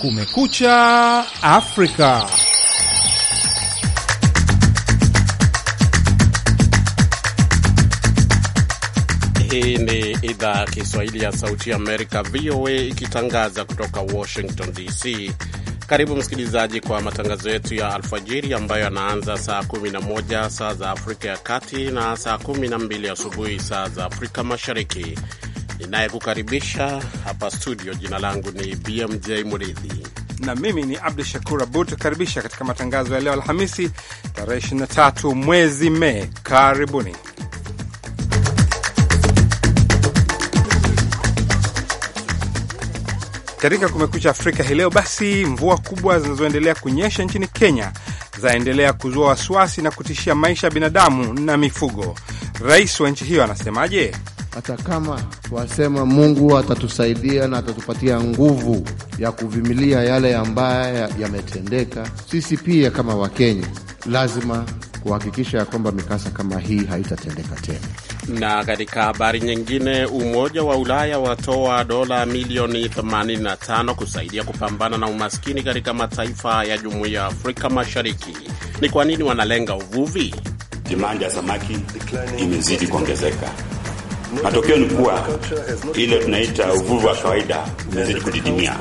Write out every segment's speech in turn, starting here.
Kumekucha Afrika. Hii ni idhaa ya Kiswahili ya Sauti ya Amerika, VOA, ikitangaza kutoka Washington DC. Karibu msikilizaji, kwa matangazo yetu ya alfajiri ambayo yanaanza saa 11 saa za Afrika ya Kati na saa 12 asubuhi saa za Afrika Mashariki ninayekukaribisha hapa studio. Jina langu ni BMJ mridhi na mimi ni Abdu Shakur Abud, Karibisha katika matangazo ya leo Alhamisi tarehe 23 mwezi Mei. Karibuni. Katika Kumekucha Afrika hii leo, basi mvua kubwa zinazoendelea kunyesha nchini Kenya zaendelea kuzua wasiwasi na kutishia maisha ya binadamu na mifugo. Rais wa nchi hiyo anasemaje? hata kama wasema Mungu atatusaidia na atatupatia nguvu ya kuvimilia yale ambayo yametendeka, sisi pia kama Wakenya lazima kuhakikisha ya kwamba mikasa kama hii haitatendeka tena na katika habari nyingine, Umoja wa Ulaya watoa dola milioni 85 kusaidia kupambana na umaskini katika mataifa ya Jumuiya ya Afrika Mashariki. Ni kwa nini wanalenga uvuvi? Demand ya samaki imezidi kuongezeka Matokeo ni kuwa ile tunaita uvuvi wa kawaida umezidi kudidimia.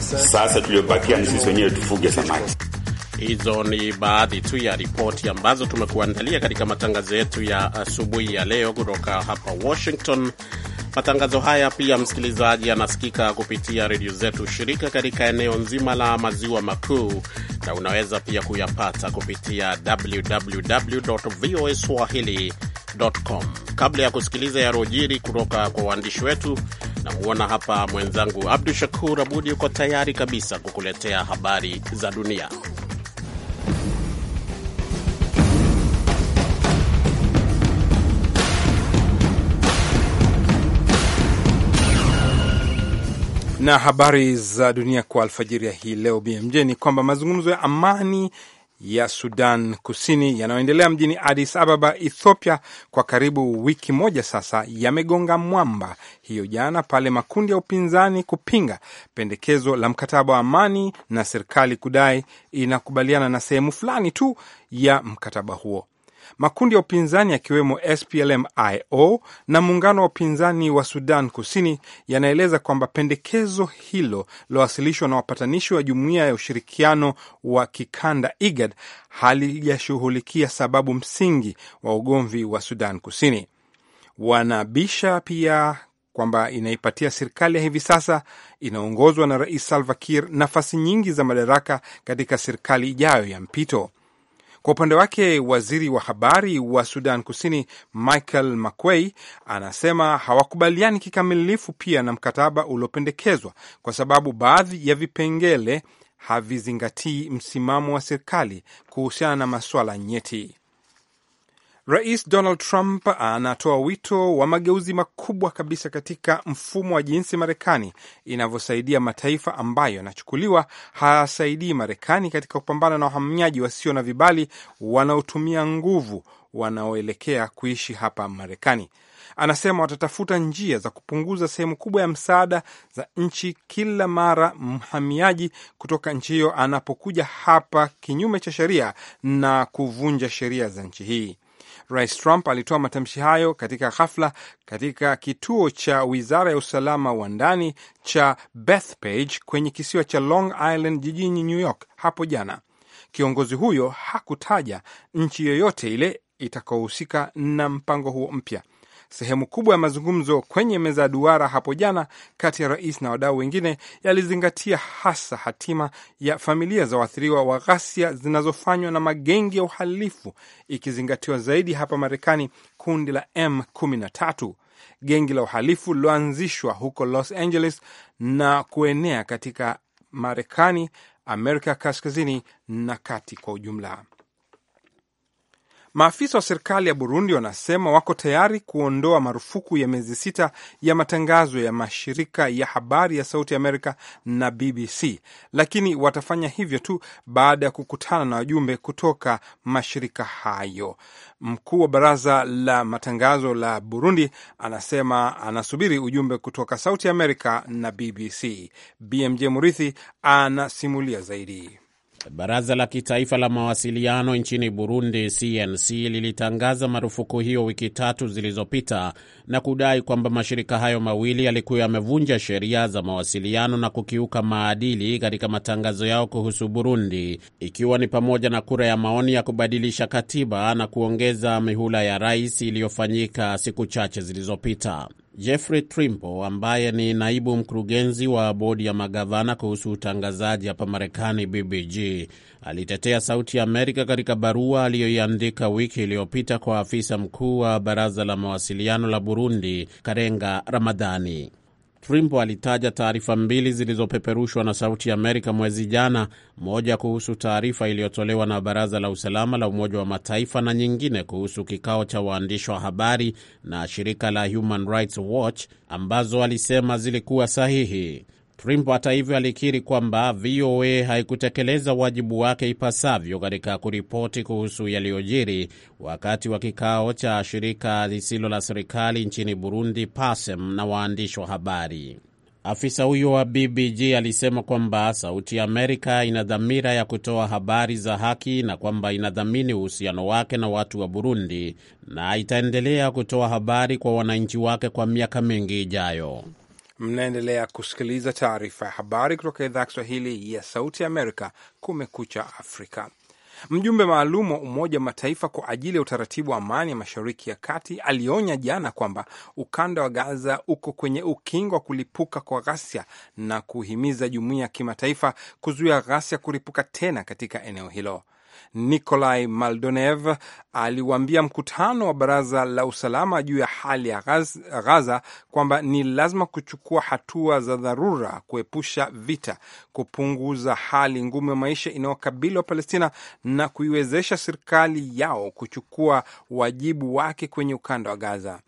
Sasa tuliobakia ni sisi wenyewe tufuge samaki. Hizo ni baadhi tu ya ripoti ambazo tumekuandalia katika matangazo yetu ya asubuhi ya leo kutoka hapa Washington. Matangazo haya pia, msikilizaji, yanasikika kupitia redio zetu shirika katika eneo nzima la maziwa makuu, na unaweza pia kuyapata kupitia www voa com Kabla ya kusikiliza yarojiri kutoka kwa waandishi wetu, namuona hapa mwenzangu Abdu Shakur Abudi yuko tayari kabisa kukuletea habari za dunia. Na habari za dunia kwa alfajiri ya hii leo BMJ ni kwamba mazungumzo ya amani ya Sudan Kusini yanayoendelea mjini Addis Ababa, Ethiopia, kwa karibu wiki moja sasa yamegonga mwamba hiyo jana, pale makundi ya upinzani kupinga pendekezo la mkataba wa amani na serikali kudai inakubaliana na sehemu fulani tu ya mkataba huo. Makundi ya upinzani yakiwemo SPLM-IO na muungano wa upinzani wa Sudan Kusini yanaeleza kwamba pendekezo hilo lilowasilishwa na wapatanishi wa Jumuiya ya Ushirikiano wa Kikanda IGAD halijashughulikia sababu msingi wa ugomvi wa Sudan Kusini. Wanabisha pia kwamba inaipatia serikali ya hivi sasa inaongozwa na Rais Salva Kiir nafasi nyingi za madaraka katika serikali ijayo ya mpito. Kwa upande wake, waziri wa habari wa Sudan Kusini Michael Makwei anasema hawakubaliani kikamilifu pia na mkataba uliopendekezwa kwa sababu baadhi ya vipengele havizingatii msimamo wa serikali kuhusiana na masuala nyeti. Rais Donald Trump anatoa wito wa mageuzi makubwa kabisa katika mfumo wa jinsi Marekani inavyosaidia mataifa ambayo yanachukuliwa hayasaidii Marekani katika kupambana na wahamiaji wasio na vibali wanaotumia nguvu wanaoelekea kuishi hapa Marekani. Anasema watatafuta njia za kupunguza sehemu kubwa ya msaada za nchi kila mara mhamiaji kutoka nchi hiyo anapokuja hapa kinyume cha sheria na kuvunja sheria za nchi hii. Rais Trump alitoa matamshi hayo katika ghafla katika kituo cha wizara ya usalama wa ndani cha Bethpage kwenye kisiwa cha Long Island jijini New York hapo jana. Kiongozi huyo hakutaja nchi yoyote ile itakaohusika na mpango huo mpya. Sehemu kubwa ya mazungumzo kwenye meza ya duara hapo jana kati ya rais na wadau wengine yalizingatia hasa hatima ya familia za waathiriwa wa ghasia zinazofanywa na magengi ya uhalifu, ikizingatiwa zaidi hapa Marekani kundi la M13 gengi la uhalifu liloanzishwa huko Los Angeles na kuenea katika Marekani, Amerika kaskazini na kati kwa ujumla. Maafisa wa serikali ya Burundi wanasema wako tayari kuondoa marufuku ya miezi sita ya matangazo ya mashirika ya habari ya Sauti Amerika na BBC, lakini watafanya hivyo tu baada ya kukutana na wajumbe kutoka mashirika hayo. Mkuu wa baraza la matangazo la Burundi anasema anasubiri ujumbe kutoka Sauti Amerika na BBC. BMJ Murithi anasimulia zaidi. Baraza la Kitaifa la Mawasiliano nchini Burundi, CNC, lilitangaza marufuku hiyo wiki tatu zilizopita na kudai kwamba mashirika hayo mawili yalikuwa yamevunja sheria za mawasiliano na kukiuka maadili katika matangazo yao kuhusu Burundi, ikiwa ni pamoja na kura ya maoni ya kubadilisha katiba na kuongeza mihula ya rais iliyofanyika siku chache zilizopita. Jeffrey trimpo ambaye ni naibu mkurugenzi wa bodi ya magavana kuhusu utangazaji hapa Marekani, BBG, alitetea Sauti ya Amerika katika barua aliyoiandika wiki iliyopita kwa afisa mkuu wa baraza la mawasiliano la Burundi, Karenga Ramadhani. Trimbo alitaja taarifa mbili zilizopeperushwa na Sauti ya Amerika mwezi jana, moja kuhusu taarifa iliyotolewa na Baraza la Usalama la Umoja wa Mataifa na nyingine kuhusu kikao cha waandishi wa habari na shirika la Human Rights Watch ambazo alisema zilikuwa sahihi. Trump hata hivyo alikiri kwamba VOA haikutekeleza wajibu wake ipasavyo katika kuripoti kuhusu yaliyojiri wakati wa kikao cha shirika lisilo la serikali nchini Burundi, PASEM, na waandishi wa habari. Afisa huyo wa BBG alisema kwamba Sauti ya Amerika ina dhamira ya kutoa habari za haki na kwamba inadhamini uhusiano wake na watu wa Burundi na itaendelea kutoa habari kwa wananchi wake kwa miaka mingi ijayo. Mnaendelea kusikiliza taarifa ya habari kutoka idhaa ya Kiswahili ya Sauti ya Amerika, Kumekucha Afrika. Mjumbe maalum wa Umoja wa Mataifa kwa ajili ya utaratibu wa amani ya Mashariki ya Kati alionya jana kwamba ukanda wa Gaza uko kwenye ukingo wa kulipuka kwa ghasia na kuhimiza jumuiya ya kimataifa kuzuia ghasia kulipuka tena katika eneo hilo. Nikolai Maldonev aliwaambia mkutano wa baraza la usalama juu ya hali ya Gaza kwamba ni lazima kuchukua hatua za dharura kuepusha vita, kupunguza hali ngumu ya maisha inayokabili wa Palestina na kuiwezesha serikali yao kuchukua wajibu wake kwenye ukanda wa Gaza.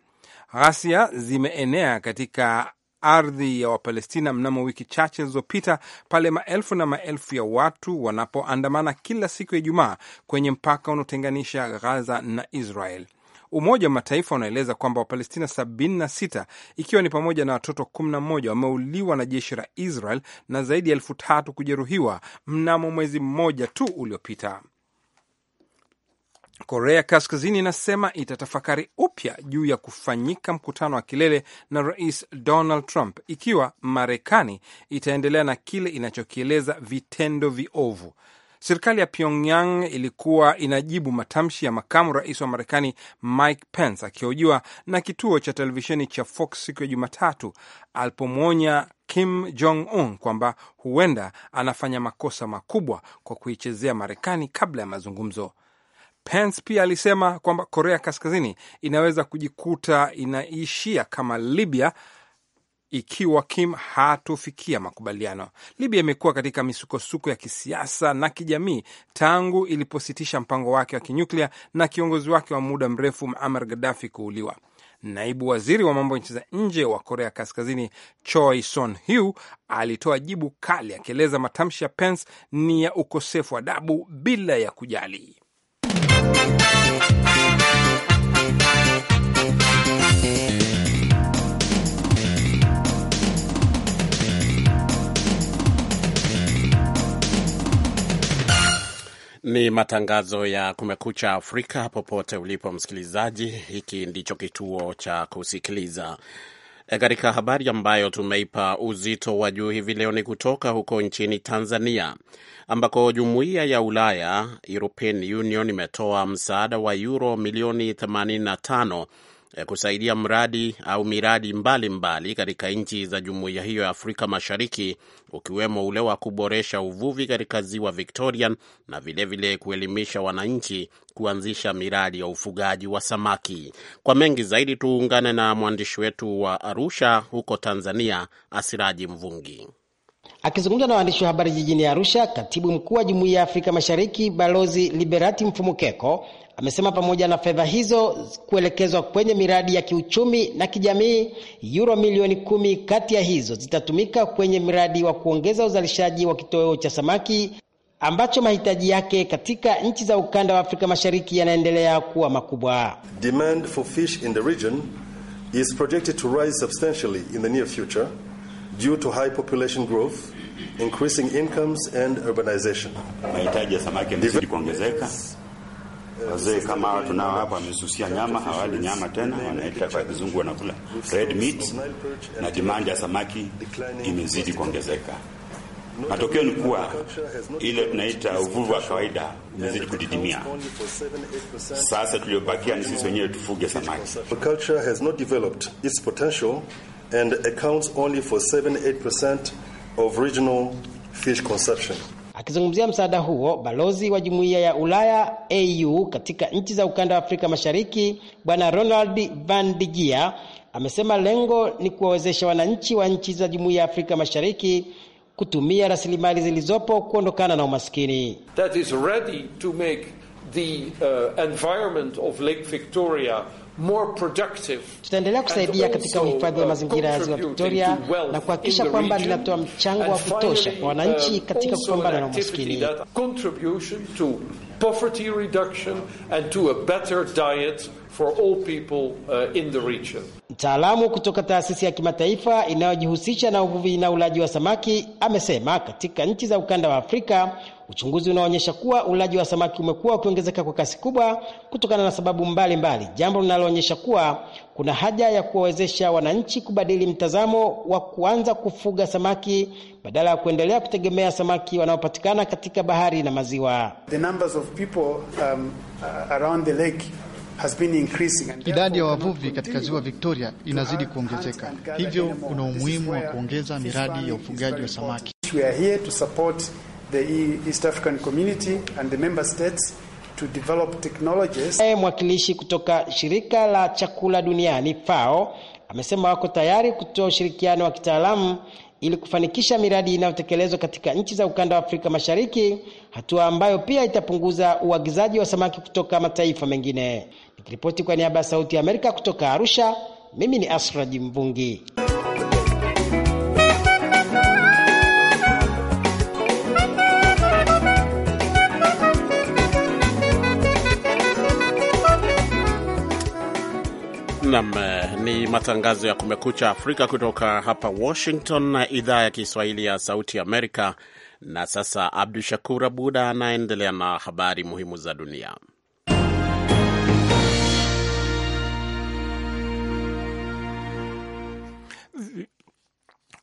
Ghasia zimeenea katika ardhi ya Wapalestina mnamo wiki chache zilizopita, pale maelfu na maelfu ya watu wanapoandamana kila siku ya Ijumaa kwenye mpaka unaotenganisha Gaza na Israel. Umoja wa Mataifa unaeleza kwamba Wapalestina 76 ikiwa ni pamoja na watoto 11 wameuliwa na jeshi la Israel na zaidi ya elfu tatu kujeruhiwa mnamo mwezi mmoja tu uliopita. Korea Kaskazini inasema itatafakari upya juu ya kufanyika mkutano wa kilele na Rais Donald Trump ikiwa Marekani itaendelea na kile inachokieleza vitendo viovu. Serikali ya Pyongyang ilikuwa inajibu matamshi ya makamu rais wa Marekani Mike Pence akihojiwa na kituo cha televisheni cha Fox siku ya Jumatatu alipomwonya Kim Jong Un kwamba huenda anafanya makosa makubwa kwa kuichezea Marekani kabla ya mazungumzo. Pence pia alisema kwamba Korea Kaskazini inaweza kujikuta inaishia kama Libya ikiwa Kim hatofikia makubaliano. Libya imekuwa katika misukosuko ya kisiasa na kijamii tangu ilipositisha mpango wake wa kinyuklia na kiongozi wake wa muda mrefu Muammar Gaddafi kuuliwa. Naibu waziri wa mambo ya nchi za nje wa Korea Kaskazini Choi Son Hu alitoa jibu kali, akieleza matamshi ya Pence ni ya ukosefu wa adabu bila ya kujali. Ni matangazo ya Kumekucha Afrika. Popote ulipo msikilizaji, hiki ndicho kituo cha kusikiliza Eh, katika habari ambayo tumeipa uzito wa juu hivi leo ni kutoka huko nchini Tanzania ambako jumuiya ya Ulaya European Union imetoa msaada wa euro milioni 85 Eh, kusaidia mradi au miradi mbalimbali katika nchi za jumuiya hiyo ya Afrika Mashariki, ukiwemo ule wa kuboresha uvuvi katika ziwa Victoria na vilevile vile kuelimisha wananchi kuanzisha miradi ya ufugaji wa samaki. Kwa mengi zaidi, tuungane na mwandishi wetu wa Arusha huko Tanzania, Asiraji Mvungi. Akizungumza na waandishi wa habari jijini Arusha, katibu mkuu wa jumuiya ya Afrika Mashariki Balozi Liberati Mfumukeko Amesema pamoja na fedha hizo kuelekezwa kwenye miradi ya kiuchumi na kijamii, yuro milioni kumi kati ya hizo zitatumika kwenye mradi wa kuongeza uzalishaji wa kitoweo cha samaki ambacho mahitaji yake katika nchi za ukanda wa Afrika Mashariki yanaendelea kuwa makubwa. Demand for fish in the region is projected to rise substantially in the near future due to high population growth, increasing incomes and urbanization. Mahitaji ya samaki yanazidi kuongezeka Wazee kama hawa tunao hapa wamesusia nyama, hawali nyama tena, wanaita kwa kizungu wanakula red meat, na demand ya samaki imezidi kuongezeka. Matokeo ni kuwa ile tunaita uvuvi wa kawaida umezidi kudidimia. Sasa tuliobakia ni sisi wenyewe tufuge samaki. Aquaculture has not developed its potential and accounts only for of regional fish consumption. Akizungumzia msaada huo, balozi wa jumuiya ya Ulaya AU katika nchi za ukanda wa Afrika Mashariki Bwana Ronald Van Digia amesema lengo ni kuwawezesha wananchi wa nchi za jumuiya ya Afrika Mashariki kutumia rasilimali zilizopo kuondokana na umaskini. That is ready to make the, uh, environment of Lake Victoria Tutaendelea kusaidia katika uhifadhi wa mazingira ya ziwa Victoria na kuhakikisha kwamba linatoa mchango wa kutosha kwa wananchi uh, katika kupambana na umaskini for all people uh, in the region. Mtaalamu kutoka taasisi ya kimataifa inayojihusisha na uvuvi na ulaji wa samaki amesema katika nchi za ukanda wa Afrika uchunguzi unaonyesha kuwa ulaji wa samaki umekuwa ukiongezeka kwa kasi kubwa kutokana na sababu mbalimbali mbali, jambo linaloonyesha kuwa kuna haja ya kuwawezesha wananchi kubadili mtazamo wa kuanza kufuga samaki badala ya kuendelea kutegemea samaki wanaopatikana katika bahari na maziwa. The numbers of people, um, uh, around the lake Idadi ya wavuvi katika ziwa Victoria inazidi kuongezeka, hivyo kuna umuhimu wa kuongeza miradi ya ufugaji wa samaki. Mwakilishi kutoka shirika la chakula duniani FAO amesema wako tayari kutoa ushirikiano wa kitaalamu ili kufanikisha miradi inayotekelezwa katika nchi za ukanda wa Afrika Mashariki, hatua ambayo pia itapunguza uagizaji wa samaki kutoka mataifa mengine. Nikiripoti kwa niaba ya Sauti ya Amerika kutoka Arusha, mimi ni Asraji Mvungi. Nam ni matangazo ya Kumekucha Afrika kutoka hapa Washington na idhaa ya Kiswahili ya Sauti Amerika. Na sasa Abdu Shakur Abuda anaendelea na habari muhimu za dunia.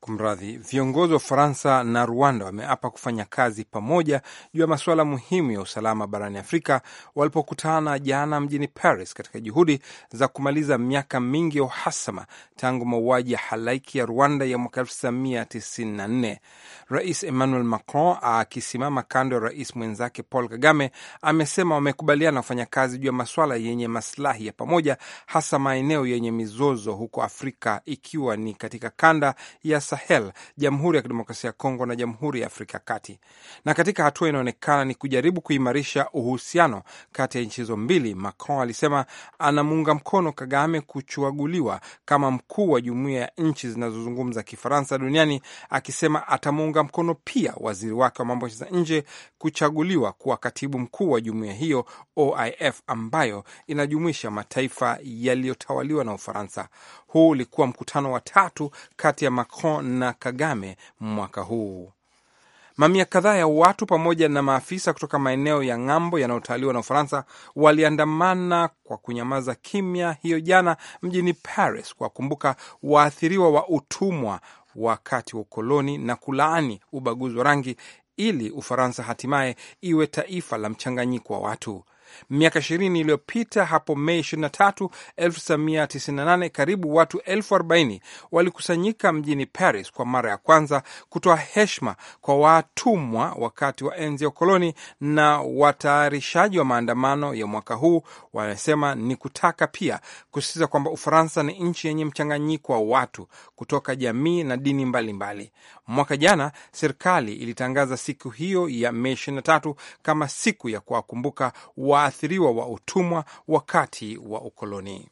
Kumradhi, viongozi wa Ufaransa na Rwanda wameapa kufanya kazi pamoja juu ya masuala muhimu ya usalama barani Afrika walipokutana jana mjini Paris, katika juhudi za kumaliza miaka mingi ya uhasama tangu mauaji ya halaiki ya Rwanda ya mwaka 1994. Rais Emmanuel Macron akisimama kando ya rais mwenzake Paul Kagame amesema wamekubaliana kufanya kazi juu ya masuala yenye masilahi ya pamoja, hasa maeneo yenye mizozo huko Afrika, ikiwa ni katika kanda ya Sahel, Jamhuri ya Kidemokrasia ya Kongo na Jamhuri ya Afrika Kati. Na katika hatua inaonekana ni kujaribu kuimarisha uhusiano kati ya nchi hizo mbili, Macron alisema anamuunga mkono Kagame kuchaguliwa kama mkuu wa jumuiya ya nchi zinazozungumza Kifaransa duniani, akisema atamuunga mkono pia waziri wake wa mambo za nje kuchaguliwa kuwa katibu mkuu wa jumuiya hiyo OIF ambayo inajumuisha mataifa yaliyotawaliwa na Ufaransa. Huu ulikuwa mkutano wa tatu kati ya Macron na Kagame mwaka huu. Mamia kadhaa ya watu pamoja na maafisa kutoka maeneo ya ng'ambo yanayotawaliwa na Ufaransa waliandamana kwa kunyamaza kimya hiyo jana mjini Paris kuwakumbuka waathiriwa wa utumwa wakati wa ukoloni na kulaani ubaguzi wa rangi ili Ufaransa hatimaye iwe taifa la mchanganyiko wa watu miaka ishirini iliyopita hapo Mei 23, 1998 karibu watu elfu arobaini walikusanyika mjini Paris kwa mara ya kwanza kutoa heshima kwa watumwa wakati wa enzi ya ukoloni, na watayarishaji wa maandamano ya mwaka huu wanasema ni kutaka pia kusisitiza kwamba Ufaransa ni nchi yenye mchanganyiko wa watu kutoka jamii na dini mbalimbali mbali. Mwaka jana serikali ilitangaza siku hiyo ya Mei 23 kama siku ya kuwakumbuka wa waathiriwa wa utumwa wakati wa ukoloni.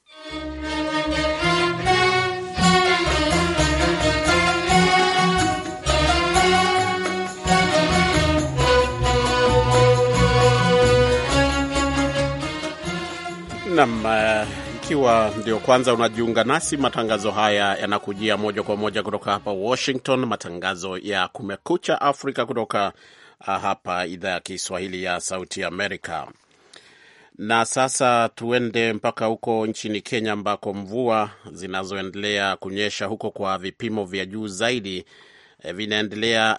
Nam, eh, ikiwa ndio kwanza unajiunga nasi, matangazo haya yanakujia moja kwa moja kutoka hapa Washington, matangazo ya Kumekucha Afrika kutoka ah, hapa idhaa ya Kiswahili ya Sauti Amerika. Na sasa tuende mpaka huko nchini Kenya ambako mvua zinazoendelea kunyesha huko kwa vipimo vya juu zaidi eh,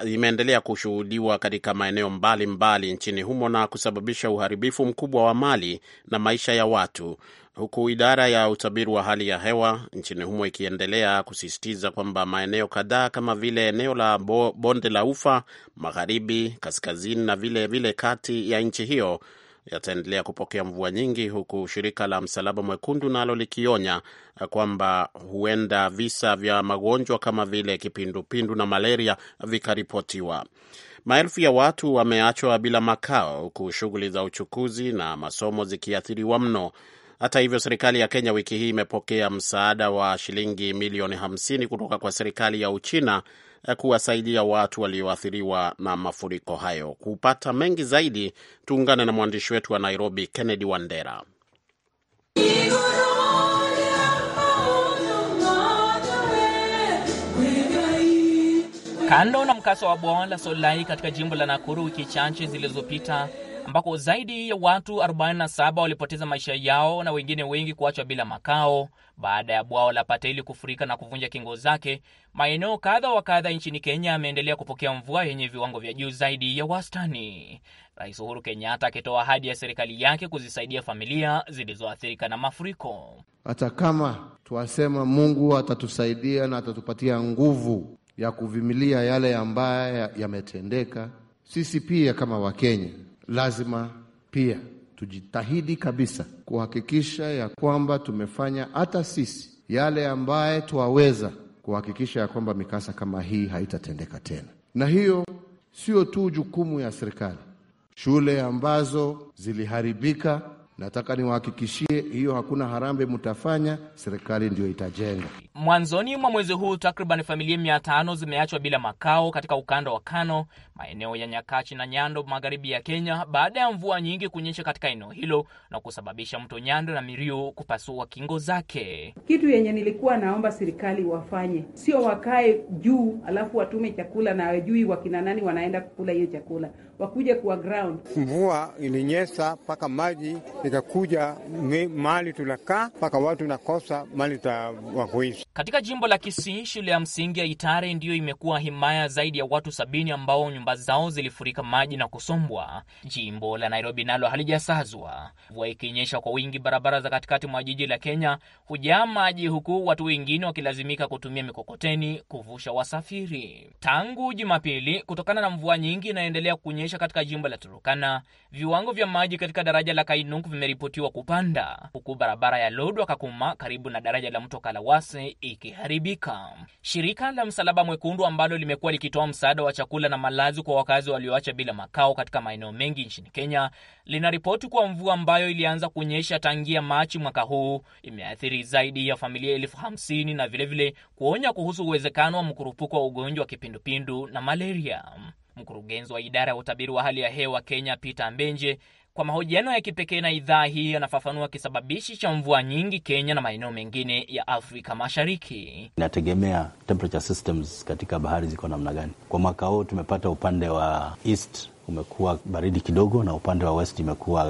vimeendelea kushuhudiwa katika maeneo mbalimbali mbali nchini humo na kusababisha uharibifu mkubwa wa mali na maisha ya watu, huku idara ya utabiri wa hali ya hewa nchini humo ikiendelea kusisitiza kwamba maeneo kadhaa kama vile eneo la bonde la Ufa magharibi, kaskazini na vile vile kati ya nchi hiyo yataendelea kupokea mvua nyingi, huku shirika la Msalaba Mwekundu nalo likionya kwamba huenda visa vya magonjwa kama vile kipindupindu na malaria vikaripotiwa. Maelfu ya watu wameachwa bila makao, huku shughuli za uchukuzi na masomo zikiathiriwa mno hata hivyo, serikali ya Kenya wiki hii imepokea msaada wa shilingi milioni 50 kutoka kwa serikali ya Uchina eh, kuwasaidia watu walioathiriwa na mafuriko hayo. Kupata mengi zaidi, tuungane na mwandishi wetu wa Nairobi, Kennedy Wandera. Kando na mkasa wa bwawa la Solai katika jimbo la Nakuru wiki chache zilizopita, ambako zaidi ya watu 47 walipoteza maisha yao na wengine wengi kuachwa bila makao baada ya bwawa la Pateli kufurika na kuvunja kingo zake. Maeneo kadha wa kadha nchini Kenya yameendelea kupokea mvua yenye viwango vya juu zaidi ya wastani, Rais Uhuru Kenyatta akitoa ahadi ya serikali yake kuzisaidia familia zilizoathirika na mafuriko. Hata kama tuwasema Mungu atatusaidia na atatupatia nguvu ya kuvimilia yale ambayo yametendeka, sisi pia kama Wakenya lazima pia tujitahidi kabisa kuhakikisha ya kwamba tumefanya hata sisi yale ambaye twaweza kuhakikisha ya kwamba mikasa kama hii haitatendeka tena. Na hiyo sio tu jukumu ya serikali. Shule ambazo ziliharibika Nataka niwahakikishie hiyo hakuna harambe mtafanya, serikali ndiyo itajenga. Mwanzoni mwa mwezi huu takriban familia mia tano zimeachwa bila makao katika ukanda wa Kano, maeneo ya Nyakachi na Nyando magharibi ya Kenya, baada ya mvua nyingi kunyesha katika eneo hilo na kusababisha mto Nyando na Mirio kupasua kingo zake. Kitu yenye nilikuwa naomba serikali wafanye, sio wakae juu alafu watume chakula na wajui wakina nani wanaenda kukula hiyo chakula wakuja kuwa ground. Mvua ilinyesa mpaka maji ikakuja mali tunakaa, mpaka watu nakosa mahali wakuishi. Katika jimbo la Kisii, shule ya msingi ya Itare ndiyo imekuwa himaya zaidi ya watu sabini ambao nyumba zao zilifurika maji na kusombwa. Jimbo la Nairobi nalo halijasazwa. Mvua ikinyesha kwa wingi, barabara za katikati mwa jiji la Kenya hujaa maji, huku watu wengine wakilazimika kutumia mikokoteni kuvusha wasafiri tangu Jumapili kutokana na mvua nyingi inaendelea kunye kunyesha katika jimbo la Turukana, viwango vya maji katika daraja la Kainungu vimeripotiwa kupanda, huku barabara ya Lodwa Kakuma karibu na daraja la mto Kalawase ikiharibika. Shirika la Msalaba Mwekundu ambalo limekuwa likitoa msaada wa chakula na malazi kwa wakazi walioacha bila makao katika maeneo mengi nchini Kenya linaripoti kuwa mvua ambayo ilianza kunyesha tangia Machi mwaka huu imeathiri zaidi ya familia elfu hamsini na vilevile kuonya kuhusu uwezekano wa mkurupuko wa ugonjwa wa kipindupindu na malaria. Mkurugenzi wa idara ya utabiri wa hali ya hewa Kenya, Peter Mbenje, kwa mahojiano ya kipekee na idhaa hii anafafanua kisababishi cha mvua nyingi Kenya na maeneo mengine ya Afrika Mashariki. Inategemea temperature systems katika bahari ziko namna gani. Kwa mwaka huu tumepata upande wa east umekuwa baridi kidogo na upande wa west imekuwa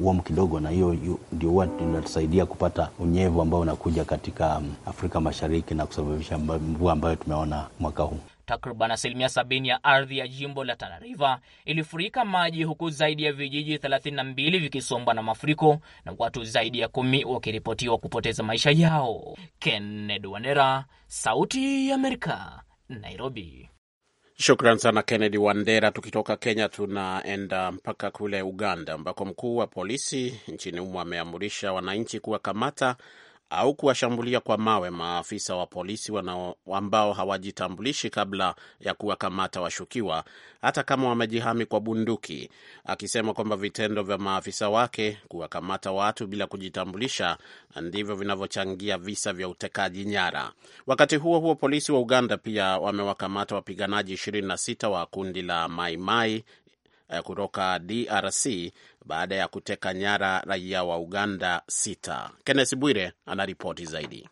uh, warm kidogo, na hiyo ndio huwa inatusaidia kupata unyevu ambao unakuja katika um, Afrika Mashariki na kusababisha mvua ambayo tumeona mwaka huu. Takriban asilimia sabini ya ardhi ya jimbo la Tana River ilifurika maji huku zaidi ya vijiji 32 vikisombwa na mafuriko na watu zaidi ya kumi wakiripotiwa kupoteza maisha yao. Kennedy Wandera, Sauti ya Amerika, Nairobi. Shukran sana Kennedy Wandera. Tukitoka Kenya tunaenda mpaka kule Uganda ambako mkuu wa polisi nchini humo ameamurisha wananchi kuwakamata au kuwashambulia kwa mawe maafisa wa polisi wanao ambao hawajitambulishi kabla ya kuwakamata washukiwa hata kama wamejihami kwa bunduki, akisema kwamba vitendo vya maafisa wake kuwakamata watu bila kujitambulisha ndivyo vinavyochangia visa vya utekaji nyara. Wakati huo huo, polisi wa Uganda pia wamewakamata wapiganaji 26 wa kundi la Maimai Eh, kutoka DRC baada ya kuteka nyara raia wa Uganda sita. kennes Bwire anaripoti zaidi.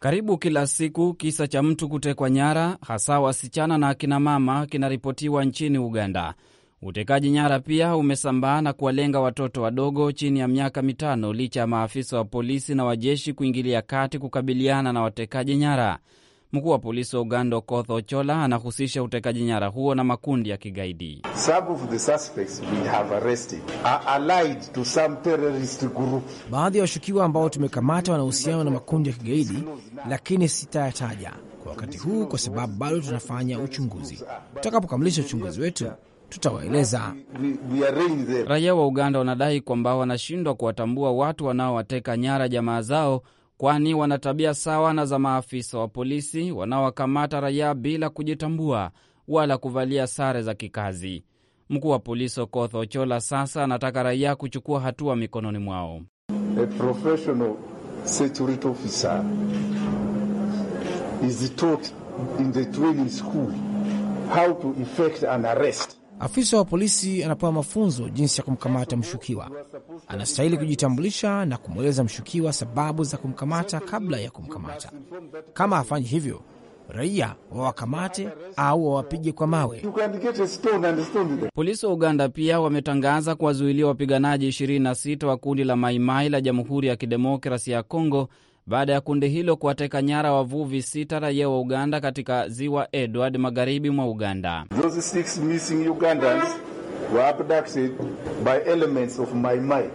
Karibu kila siku kisa cha mtu kutekwa nyara, hasa wasichana na akinamama, kinaripotiwa nchini Uganda. Utekaji nyara pia umesambaa na kuwalenga watoto wadogo chini ya miaka mitano, licha ya maafisa wa polisi na wajeshi kuingilia kati kukabiliana na watekaji nyara. Mkuu wa polisi wa Uganda, Okoth Ochola, anahusisha utekaji nyara huo na makundi ya kigaidi. Baadhi ya washukiwa ambao tumekamata wanahusiana na makundi ya kigaidi, lakini sitayataja kwa wakati huu kwa sababu bado tunafanya uchunguzi. Tutakapokamilisha uchunguzi wetu tutawaeleza. Raia wa Uganda wanadai kwamba wanashindwa kuwatambua watu wanaowateka nyara jamaa zao kwani wana tabia sawa na za maafisa wa polisi wanaowakamata raia bila kujitambua wala kuvalia sare za kikazi. Mkuu wa polisi Okoth Ochola sasa anataka raia kuchukua hatua mikononi mwao. A Afisa wa polisi anapewa mafunzo jinsi ya kumkamata mshukiwa. Anastahili kujitambulisha na kumweleza mshukiwa sababu za kumkamata kabla ya kumkamata. Kama hafanyi hivyo, raia wawakamate au wawapige kwa mawe. Polisi wa Uganda pia wametangaza kuwazuilia wapiganaji 26 wa kundi la Maimai la Jamhuri ya Kidemokrasi ya Kongo baada ya kundi hilo kuwateka nyara wavuvi sita raia wa Uganda katika ziwa Edward magharibi mwa Uganda.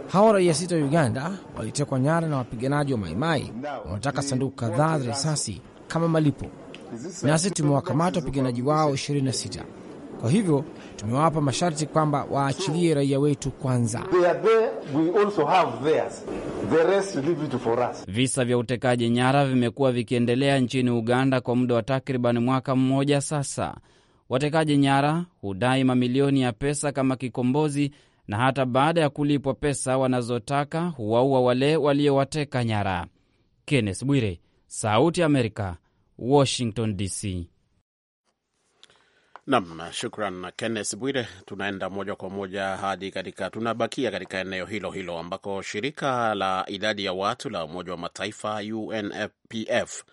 Hawa raia sita wa Uganda walitekwa nyara na wapiganaji wa Maimai wanataka sanduku kadhaa za risasi kama malipo, nasi tumewakamata wapiganaji wao 26. Kwa hivyo tumewapa masharti kwamba waachilie raia wetu kwanza. Visa vya utekaji nyara vimekuwa vikiendelea nchini Uganda kwa muda wa takriban mwaka mmoja sasa. Watekaji nyara hudai mamilioni ya pesa kama kikombozi, na hata baada ya kulipwa pesa wanazotaka huwaua wale waliowateka nyara. Kenneth Bwire, Sauti ya Amerika, Washington DC. Nam, shukran Kennes Bwire. Tunaenda moja kwa moja hadi katika, tunabakia katika eneo hilo hilo ambako shirika la idadi ya watu la Umoja wa Mataifa UNFPF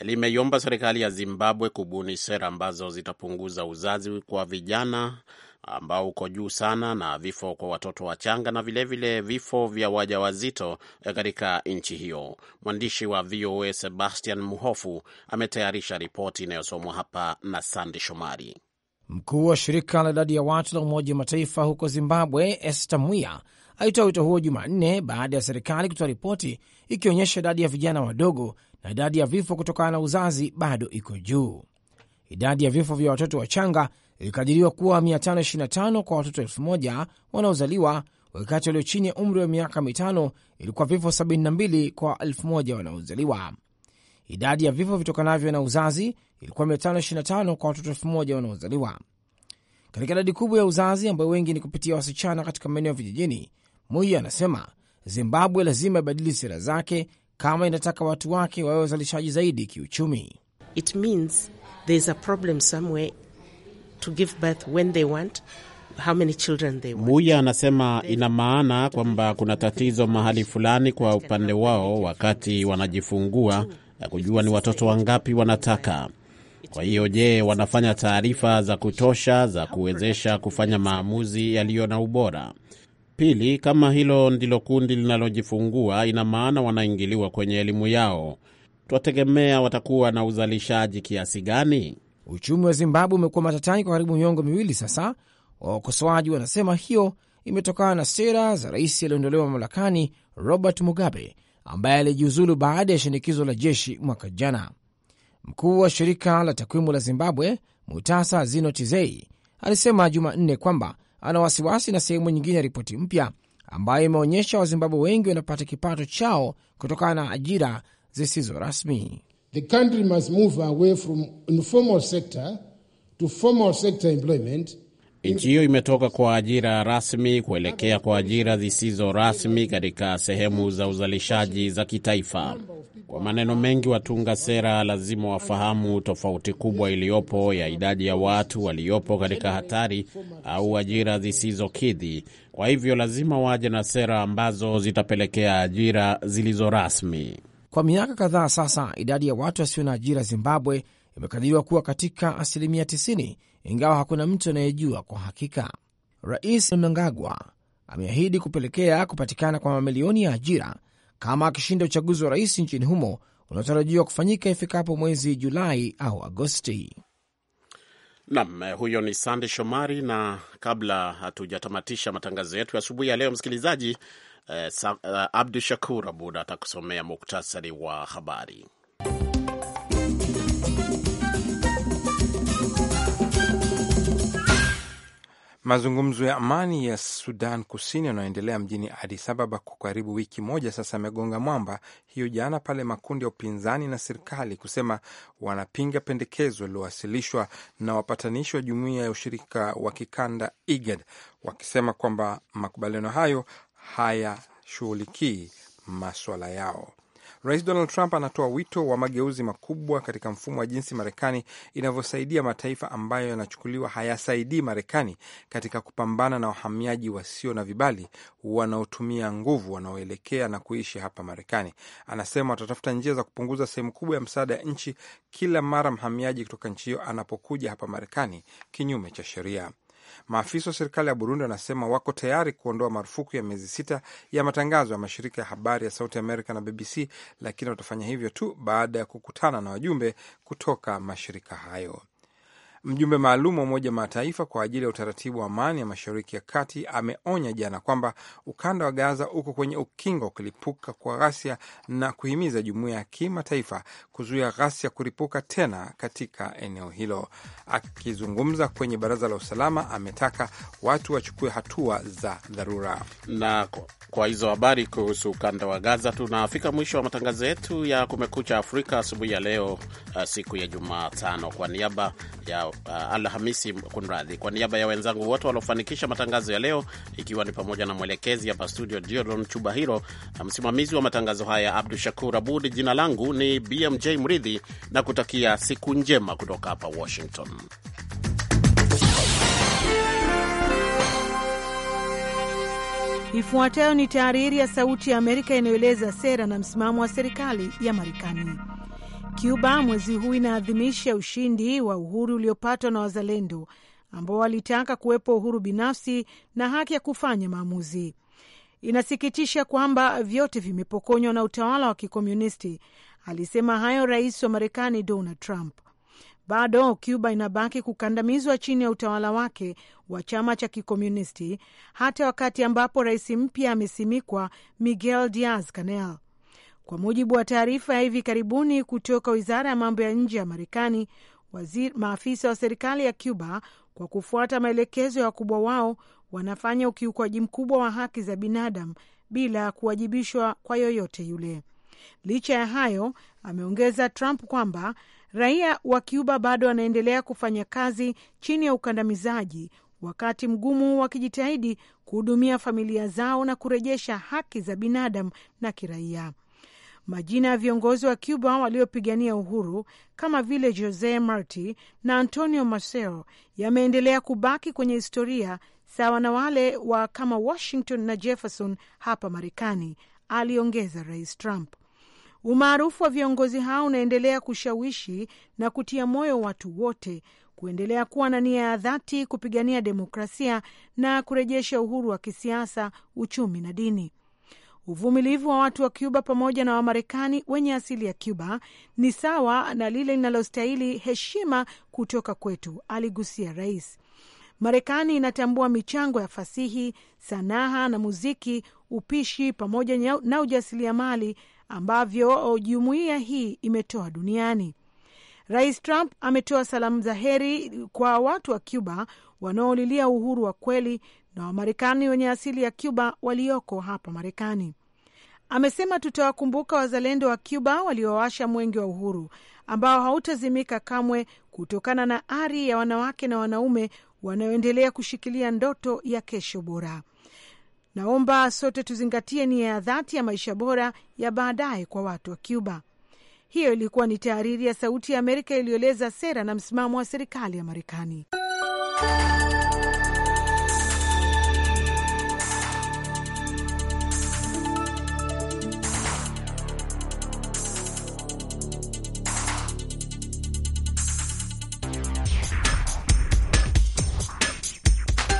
limeiomba serikali ya Zimbabwe kubuni sera ambazo zitapunguza uzazi kwa vijana ambao uko juu sana, na vifo kwa watoto wachanga na vilevile vile vifo vya wajawazito eh, katika nchi hiyo. Mwandishi wa VOA Sebastian Muhofu ametayarisha ripoti inayosomwa hapa na Sande Shomari. Mkuu wa shirika la idadi ya watu la Umoja wa Mataifa huko Zimbabwe, Esther Mwia, alitoa wito huo Jumanne baada ya serikali kutoa ripoti ikionyesha idadi ya vijana wadogo na idadi ya vifo kutokana na uzazi bado iko juu. Idadi ya vifo vya watoto wachanga ilikadiriwa kuwa 525 kwa watoto elfu moja wanaozaliwa wakati walio chini ya umri wa miaka mitano ilikuwa vifo 72 kwa elfu moja wanaozaliwa. Idadi ya vifo vitokanavyo na uzazi ilikuwa 525 kwa watoto elfu moja wanaozaliwa. Katika idadi kubwa ya uzazi ambayo wengi ni kupitia wasichana katika maeneo ya vijijini, Muyi anasema Zimbabwe lazima ibadili sera zake kama inataka watu wake wawe wazalishaji zaidi kiuchumi. It means to give birth when they want. How many children they want. Muya anasema ina maana kwamba kuna tatizo mahali fulani kwa upande wao wakati wanajifungua na kujua ni watoto wangapi wanataka. Kwa hiyo, je, wanafanya taarifa za kutosha za kuwezesha kufanya maamuzi yaliyo na ubora? Pili, kama hilo ndilo kundi linalojifungua, ina maana wanaingiliwa kwenye elimu yao. Twategemea watakuwa na uzalishaji kiasi gani? Uchumi wa Zimbabwe umekuwa matatani kwa karibu miongo miwili sasa. Wakosoaji wanasema hiyo imetokana na sera za rais aliyeondolewa mamlakani Robert Mugabe ambaye alijiuzulu baada ya shinikizo la jeshi mwaka jana. Mkuu wa shirika la takwimu la Zimbabwe Mutasa Zinotizei alisema Jumanne kwamba ana wasiwasi na sehemu nyingine ya ripoti mpya ambayo imeonyesha Wazimbabwe wengi wanapata kipato chao kutokana na ajira zisizo rasmi. The country must move away from informal sector to formal sector employment. Nchi hiyo imetoka kwa ajira rasmi kuelekea kwa ajira zisizo rasmi katika sehemu za uzalishaji za kitaifa. Kwa maneno mengi, watunga sera lazima wafahamu tofauti kubwa iliyopo ya idadi ya watu waliopo katika hatari au ajira zisizokidhi. Kwa hivyo lazima waje na sera ambazo zitapelekea ajira zilizo rasmi. Kwa miaka kadhaa sasa, idadi ya watu wasio na ajira Zimbabwe imekadiriwa kuwa katika asilimia 90, ingawa hakuna mtu anayejua kwa hakika. Rais Mnangagwa ameahidi kupelekea kupatikana kwa mamilioni ya ajira kama akishinda uchaguzi wa rais nchini humo unaotarajiwa kufanyika ifikapo mwezi Julai au Agosti. Nam, huyo ni Sande Shomari. Na kabla hatujatamatisha matangazo yetu asubuhi ya leo, msikilizaji, Uh, Abdu Shakur Abud atakusomea muktasari wa habari. Mazungumzo ya amani ya Sudan Kusini yanayoendelea mjini adis Ababa kwa karibu wiki moja sasa yamegonga mwamba hiyo jana, pale makundi ya upinzani na serikali kusema wanapinga pendekezo lililowasilishwa na wapatanishi wa jumuiya ya ushirika wa kikanda IGAD, wakisema kwamba makubaliano hayo hayashughulikii maswala yao. Rais Donald Trump anatoa wito wa mageuzi makubwa katika mfumo wa jinsi Marekani inavyosaidia mataifa ambayo yanachukuliwa hayasaidii Marekani katika kupambana na wahamiaji wasio na vibali wanaotumia nguvu wanaoelekea na kuishi hapa Marekani. Anasema watatafuta njia za kupunguza sehemu kubwa ya msaada ya nchi kila mara mhamiaji kutoka nchi hiyo anapokuja hapa Marekani kinyume cha sheria. Maafisa wa serikali ya Burundi wanasema wako tayari kuondoa marufuku ya miezi sita ya matangazo ya mashirika ya habari ya Sauti Amerika na BBC, lakini watafanya hivyo tu baada ya kukutana na wajumbe kutoka mashirika hayo. Mjumbe maalum wa Umoja Mataifa kwa ajili ya utaratibu wa amani ya Mashariki ya Kati ameonya jana kwamba ukanda wa Gaza uko kwenye ukingo wa kulipuka kwa ghasia na kuhimiza jumuiya ya kimataifa kuzuia ghasia kulipuka tena katika eneo hilo. Akizungumza kwenye Baraza la Usalama, ametaka watu wachukue hatua za dharura. Na kwa hizo habari kuhusu ukanda wa Gaza, tunafika mwisho wa matangazo yetu ya Kumekucha Afrika asubuhi ya leo, uh, siku ya Jumatano. Kwa niaba ya uh, Alhamisi kunradhi. Kwa niaba ya wenzangu wote waliofanikisha matangazo ya leo, ikiwa ni pamoja na mwelekezi hapa studio Diodon Chubahiro na msimamizi wa matangazo haya Abdu Shakur Abud, jina langu ni BMJ Mridhi na kutakia siku njema kutoka hapa Washington. Ifuatayo ni tahariri ya Sauti ya Amerika inayoeleza sera na msimamo wa serikali ya Marekani. Cuba mwezi huu inaadhimisha ushindi wa uhuru uliopatwa na wazalendo ambao walitaka kuwepo uhuru binafsi na haki ya kufanya maamuzi. Inasikitisha kwamba vyote vimepokonywa na utawala wa kikomunisti. Alisema hayo rais wa Marekani Donald Trump. Bado Cuba inabaki kukandamizwa chini ya utawala wake wa chama cha kikomunisti, hata wakati ambapo rais mpya amesimikwa Miguel Diaz Canel. Kwa mujibu wa taarifa ya hivi karibuni kutoka wizara ya mambo ya nje ya Marekani, maafisa wa serikali ya Cuba kwa kufuata maelekezo ya wakubwa wao wanafanya ukiukwaji mkubwa wa haki za binadamu bila kuwajibishwa kwa yoyote yule. Licha ya hayo, ameongeza Trump kwamba raia wa Cuba bado wanaendelea kufanya kazi chini ya ukandamizaji, wakati mgumu wakijitahidi kuhudumia familia zao na kurejesha haki za binadamu na kiraia. Majina ya viongozi wa Cuba waliopigania uhuru kama vile Jose Marti na Antonio Maceo yameendelea kubaki kwenye historia sawa na wale wa kama Washington na Jefferson hapa Marekani, aliongeza Rais Trump. Umaarufu wa viongozi hao unaendelea kushawishi na kutia moyo watu wote kuendelea kuwa na nia ya dhati kupigania demokrasia na kurejesha uhuru wa kisiasa, uchumi na dini. Uvumilivu wa watu wa Cuba pamoja na Wamarekani wenye asili ya Cuba ni sawa na lile linalostahili heshima kutoka kwetu, aligusia rais. Marekani inatambua michango ya fasihi, sanaha na muziki, upishi pamoja na ujasiriamali ambavyo jumuiya hii imetoa duniani. Rais Trump ametoa salamu za heri kwa watu wa Cuba wanaolilia uhuru wa kweli na Wamarekani wenye asili ya Cuba walioko hapa Marekani. Amesema tutawakumbuka wazalendo wa Cuba waliowasha mwenge wa uhuru ambao hautazimika kamwe kutokana na ari ya wanawake na wanaume wanaoendelea kushikilia ndoto ya kesho bora. Naomba sote tuzingatie nia ya dhati ya maisha bora ya baadaye kwa watu wa Cuba. Hiyo ilikuwa ni tahariri ya Sauti ya Amerika iliyoeleza sera na msimamo wa serikali ya Marekani.